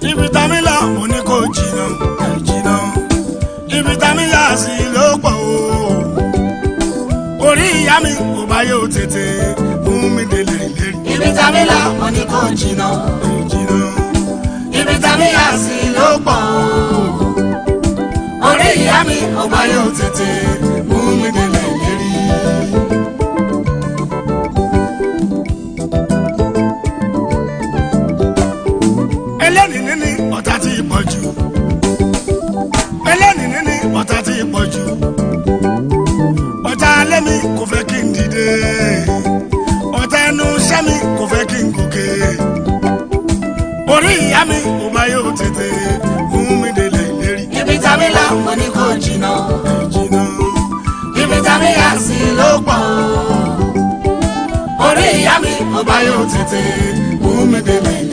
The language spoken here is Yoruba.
ibi tamila mo ní kò jìnnà kò jìnnà ibi tamila sì ló pọ̀ o orí ìyá mi kò bá yóò tètè fún mi délé ìlérí. ibi tamila mo ní kò jìnnà kò jìnnà ibi tamila sì ló pọ̀ o orí ìyá mi kò bá yóò tètè. ọ̀tá ẹnu iṣẹ́ mi kò fẹ́ kí n gòkè orí ìyá mi kò máa yóò tètè mú mi délé ìlérí. ibi tàbí là mo ní kò jìnnà ibi tàbí yà sí ló pọ̀ orí ìyá mi kò máa yóò tètè mú mi délé ìlérí.